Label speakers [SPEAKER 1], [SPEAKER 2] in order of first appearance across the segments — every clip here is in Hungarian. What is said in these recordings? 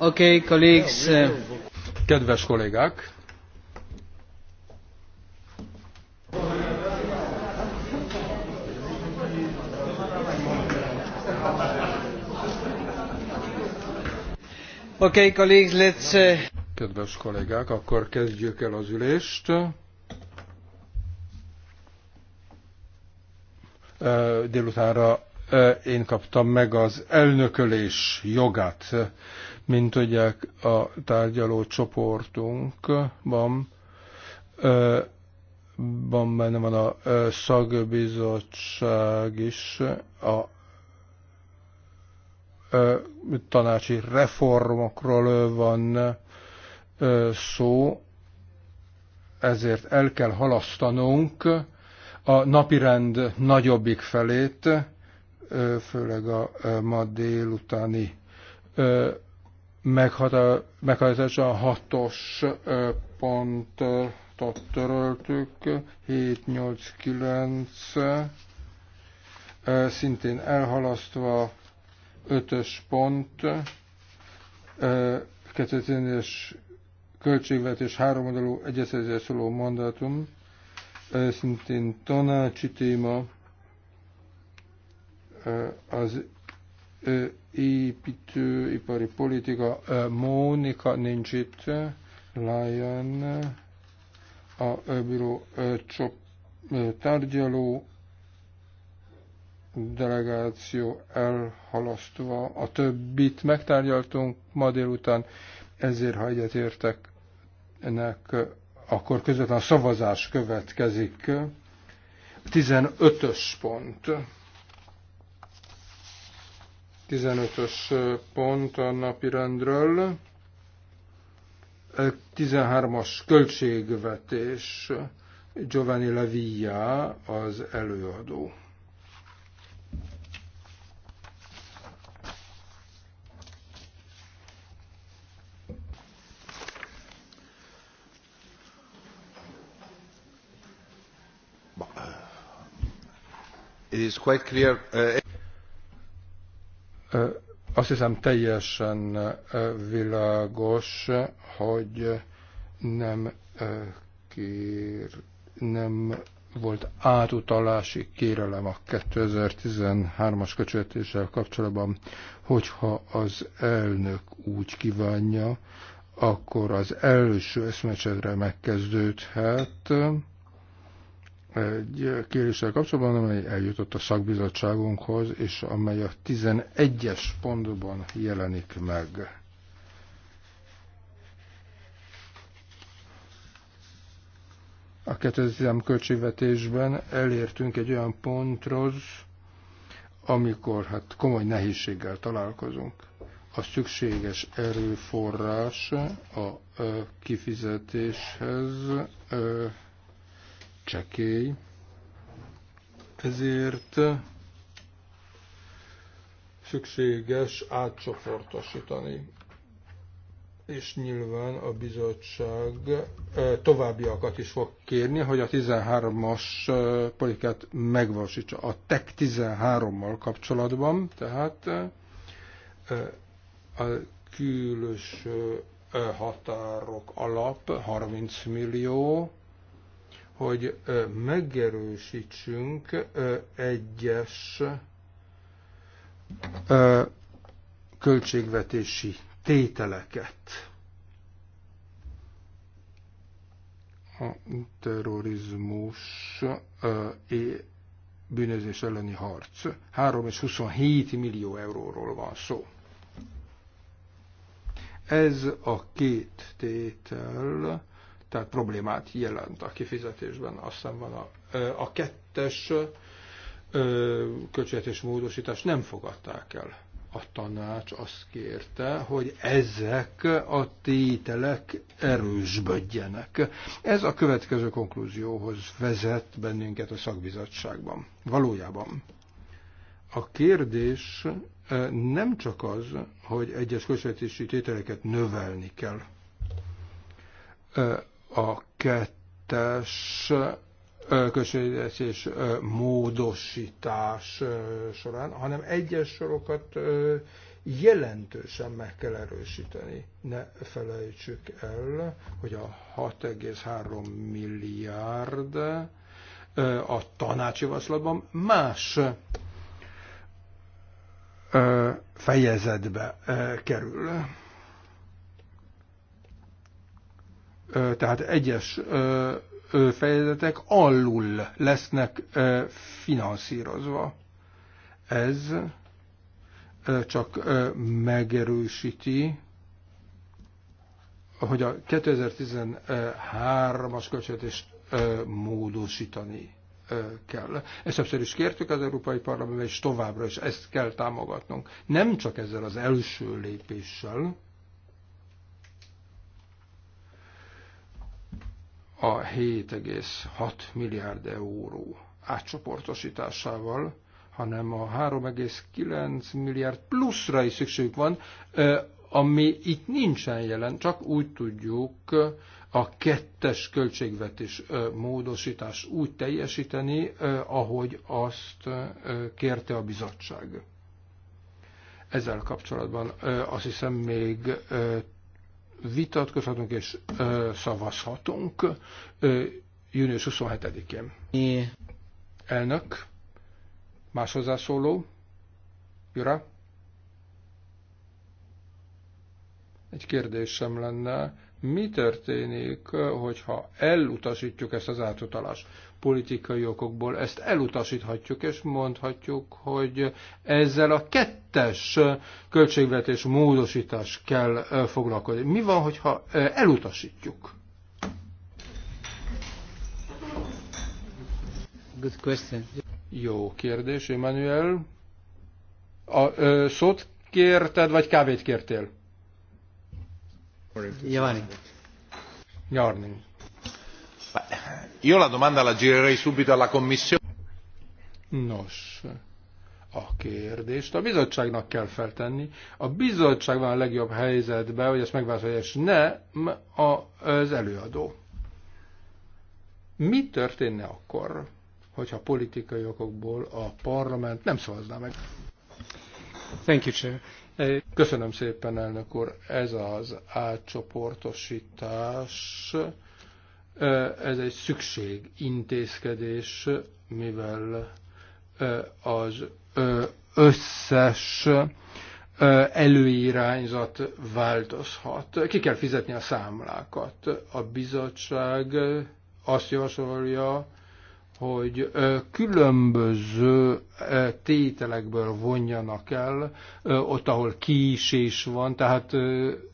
[SPEAKER 1] Okay, colleagues. Uh,
[SPEAKER 2] Kedves kollégák!
[SPEAKER 1] Okay, colleagues, let's... Uh, Kedves
[SPEAKER 2] kollégák, akkor kezdjük el az ülést. Délutánra én kaptam meg az elnökölés jogát, mint ugye a tárgyaló csoportunkban. Van benne van a szagbizottság is, a tanácsi reformokról van szó, ezért el kell halasztanunk a napirend nagyobbik felét, főleg a ma délutáni meghatározása a hatos pontot töröltük, 7, 8, 9, szintén elhalasztva, ötös pont, 2010-es költségvetés háromadalú egyeztetésre szóló mandátum, szintén tanácsi téma, az építőipari politika, Mónika nincs itt, Lion, a bíró csop, tárgyaló delegáció elhalasztva. A többit megtárgyaltunk ma délután, ezért ha egyetértek, ennek akkor közvetlen a szavazás következik. 15-ös pont. 15-ös pont a napi rendről. 13-as költségvetés. Giovanni Lavia az előadó. is uh, uh, Azt hiszem teljesen uh, világos, hogy nem kér, nem volt átutalási kérelem a 2013-as köcsöltéssel kapcsolatban, hogyha az elnök úgy kívánja, akkor az első összmecsedre megkezdődhet egy kéréssel kapcsolatban, amely eljutott a szakbizottságunkhoz, és amely a 11-es pontban jelenik meg. A 2010 költségvetésben elértünk egy olyan pontról, amikor hát komoly nehézséggel találkozunk. A szükséges erőforrás a kifizetéshez csekély, ezért szükséges átcsoportosítani. És nyilván a bizottság eh, továbbiakat is fog kérni, hogy a 13-as eh, politikát megvalósítsa. A TEC 13-mal kapcsolatban, tehát eh, a külső határok alap 30 millió, hogy megerősítsünk egyes költségvetési tételeket. A terrorizmus bűnözés elleni harc. 3 és 27 millió euróról van szó. Ez a két tétel tehát problémát jelent a kifizetésben. Aztán van a, a kettes költségvetés módosítás nem fogadták el. A tanács azt kérte, hogy ezek a tételek erősbödjenek. Ez a következő konklúzióhoz vezet bennünket a szakbizottságban. Valójában a kérdés nem csak az, hogy egyes költségvetési tételeket növelni kell, a kettes költségvetés módosítás során, hanem egyes sorokat jelentősen meg kell erősíteni. Ne felejtsük el, hogy a 6,3 milliárd a tanácsi tanácsjavaslatban más fejezetbe kerül. tehát egyes fejezetek alul lesznek finanszírozva. Ez csak megerősíti, hogy a 2013-as költségvetést módosítani kell. Ezt többször is kértük az Európai Parlamentben, és továbbra is ezt kell támogatnunk. Nem csak ezzel az első lépéssel, a 7,6 milliárd euró átcsoportosításával, hanem a 3,9 milliárd pluszra is szükségük van, ami itt nincsen jelen, csak úgy tudjuk a kettes költségvetés módosítás úgy teljesíteni, ahogy azt kérte a bizottság. Ezzel kapcsolatban azt hiszem még vitatkozhatunk és szavazhatunk június 27-én. Elnök, más hozzászóló, Jura? Egy kérdésem lenne, mi történik, hogyha elutasítjuk ezt az átutalást? Politikai okokból ezt elutasíthatjuk, és mondhatjuk, hogy ezzel a kettes költségvetés módosítás kell foglalkozni. Mi van, hogyha elutasítjuk? Good question. Jó kérdés, Emmanuel. A ö, szót kérted, vagy kávét kértél? Giovanni. Giorni. Io la domanda la girerei subito alla Commissione. Nos, a kérdést a bizottságnak kell feltenni. A bizottság van a legjobb helyzetben, hogy ezt megválaszolja, és nem az előadó. Mi történne akkor, hogyha politikai okokból a parlament nem szavazná meg? Thank you, Chair. Uh, Köszönöm szépen, elnök úr. Ez az átcsoportosítás, uh, ez egy szükség intézkedés, mivel uh, az összes előirányzat változhat. Ki kell fizetni a számlákat. A bizottság azt javasolja, hogy különböző tételekből vonjanak el, ott, ahol kiísés van, tehát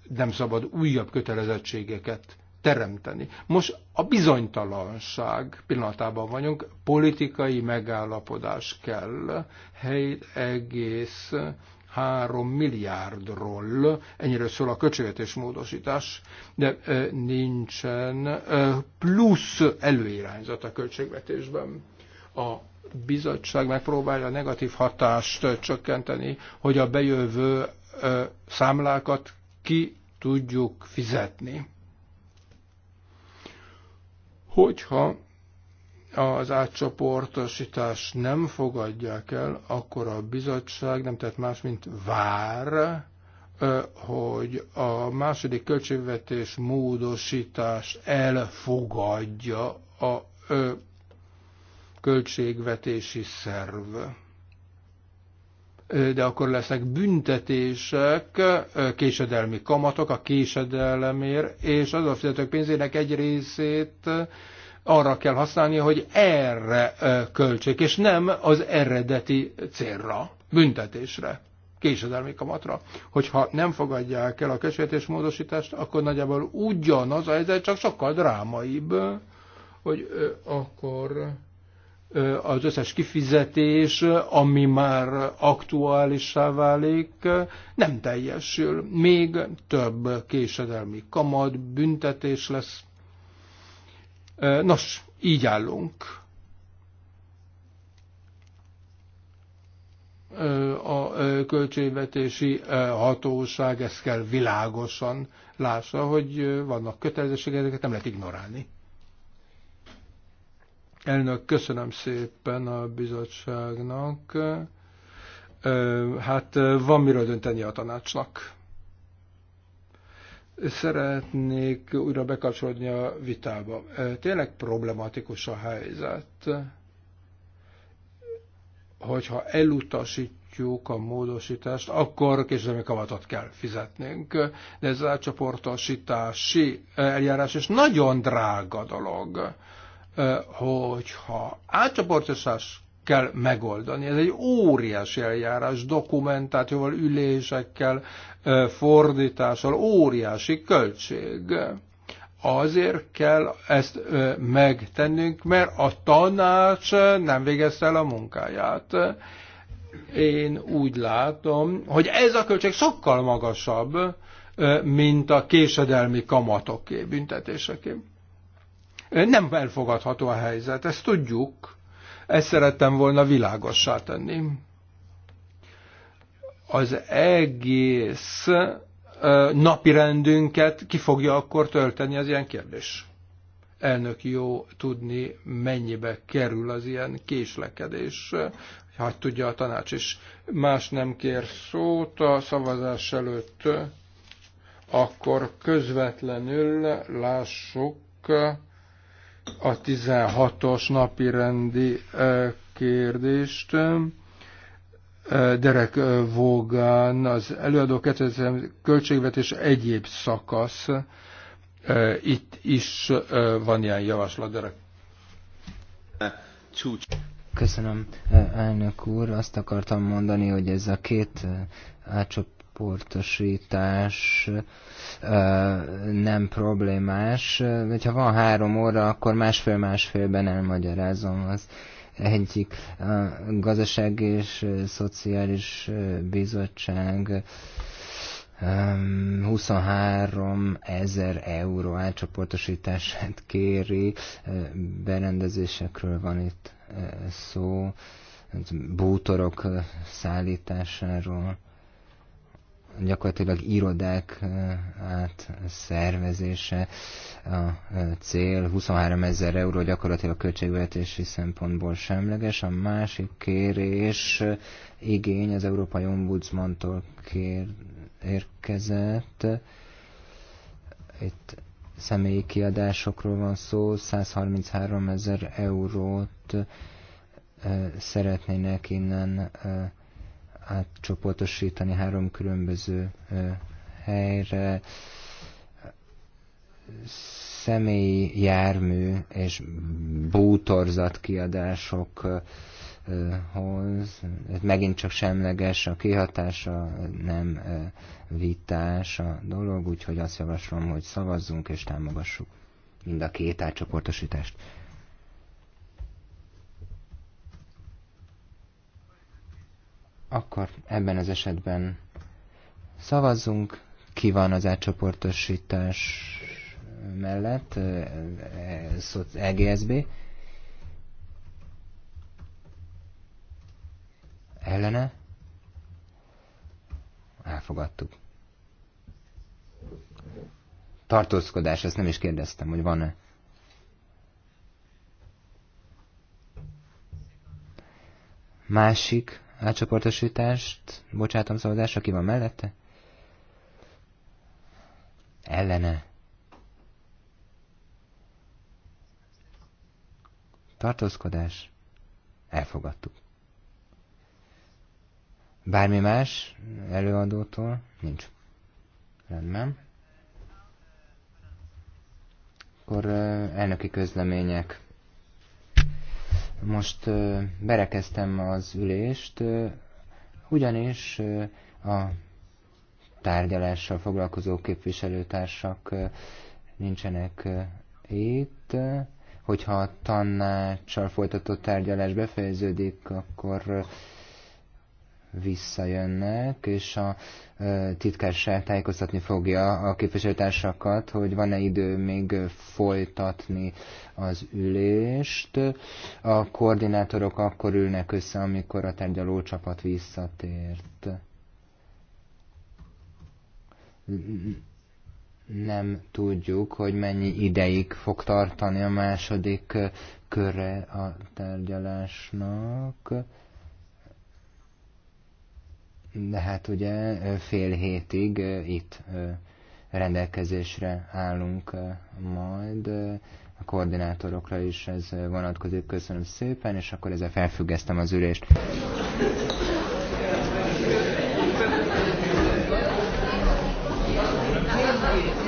[SPEAKER 2] nem szabad újabb kötelezettségeket teremteni. Most a bizonytalanság pillanatában vagyunk, politikai megállapodás kell, hely egész 3 milliárdról, ennyire szól a költségvetés módosítás, de nincsen plusz előirányzat a költségvetésben. A bizottság megpróbálja a negatív hatást csökkenteni, hogy a bejövő számlákat ki tudjuk fizetni. Hogyha az átcsoportosítás nem fogadják el, akkor a bizottság nem tett más, mint vár, hogy a második költségvetés módosítás elfogadja a költségvetési szerv. De akkor lesznek büntetések, késedelmi kamatok a késedelemért, és az a fizetők pénzének egy részét arra kell használni, hogy erre költsék, és nem az eredeti célra, büntetésre, késedelmi kamatra. Hogyha nem fogadják el a módosítást, akkor nagyjából ugyanaz a helyzet, csak sokkal drámaibb, hogy akkor az összes kifizetés, ami már aktuálissá válik, nem teljesül. Még több késedelmi kamat, büntetés lesz, Nos, így állunk. A költségvetési hatóság ezt kell világosan lássa, hogy vannak kötelezettségek, ezeket nem lehet ignorálni. Elnök, köszönöm szépen a bizottságnak. Hát van miről dönteni a tanácsnak szeretnék újra bekapcsolódni a vitába. Tényleg problematikus a helyzet, hogyha elutasítjuk a módosítást, akkor késedelmi kamatot kell fizetnünk, de ez csoportosítási eljárás, és nagyon drága dolog, hogyha átcsoportosítás kell megoldani. Ez egy óriási eljárás dokumentációval, ülésekkel, fordítással, óriási költség. Azért kell ezt megtennünk, mert a tanács nem végezte el a munkáját. Én úgy látom, hogy ez a költség sokkal magasabb, mint a késedelmi kamatoké, büntetéseké. Nem elfogadható a helyzet, ezt tudjuk ezt szerettem volna világossá tenni. Az egész napirendünket ki fogja akkor tölteni az ilyen kérdés. Elnök jó tudni, mennyibe kerül az ilyen késlekedés, ha tudja a tanács is. Más nem kér szót a szavazás előtt, akkor közvetlenül lássuk a 16-os napi rendi kérdést. Derek Vogan, az előadó 2000 költségvetés egyéb szakasz. Itt is van ilyen javaslat, Derek. Csúcs.
[SPEAKER 1] Köszönöm, elnök úr. Azt akartam mondani, hogy ez a két átcsop csoportosítás nem problémás. Hogyha van három óra, akkor másfél-másfélben elmagyarázom az egyik a gazdaság és szociális bizottság 23 ezer euró átcsoportosítását kéri, berendezésekről van itt szó, bútorok szállításáról gyakorlatilag irodák átszervezése a cél. 23 ezer euró gyakorlatilag költségvetési szempontból semleges. A másik kérés igény az Európai Ombudsmantól kér, érkezett. Itt személyi kiadásokról van szó, 133 ezer eurót szeretnének innen átcsoportosítani három különböző helyre, személyi jármű és bútorzat kiadásokhoz. Ez megint csak semleges a kihatása, nem vitás a dolog, úgyhogy azt javaslom, hogy szavazzunk és támogassuk mind a két átcsoportosítást. Akkor ebben az esetben szavazzunk, ki van az átcsoportosítás mellett, EGSB. Ellene? Elfogadtuk. Tartózkodás, ezt nem is kérdeztem, hogy van-e. Másik átcsoportosítást bocsátom szavazásra, ki van mellette? Ellene. Tartózkodás. Elfogadtuk. Bármi más előadótól nincs. Rendben. Akkor elnöki közlemények. Most berekeztem az ülést, ugyanis a tárgyalással foglalkozó képviselőtársak nincsenek itt. Hogyha a tanácssal folytatott tárgyalás befejeződik, akkor visszajönnek, és a titkárság tájékoztatni fogja a képviselőtársakat, hogy van-e idő még folytatni az ülést. A koordinátorok akkor ülnek össze, amikor a tárgyaló csapat visszatért. Nem tudjuk, hogy mennyi ideig fog tartani a második köre a tárgyalásnak de hát ugye fél hétig itt rendelkezésre állunk majd. A koordinátorokra is ez vonatkozik. Köszönöm szépen, és akkor ezzel felfüggesztem az ülést.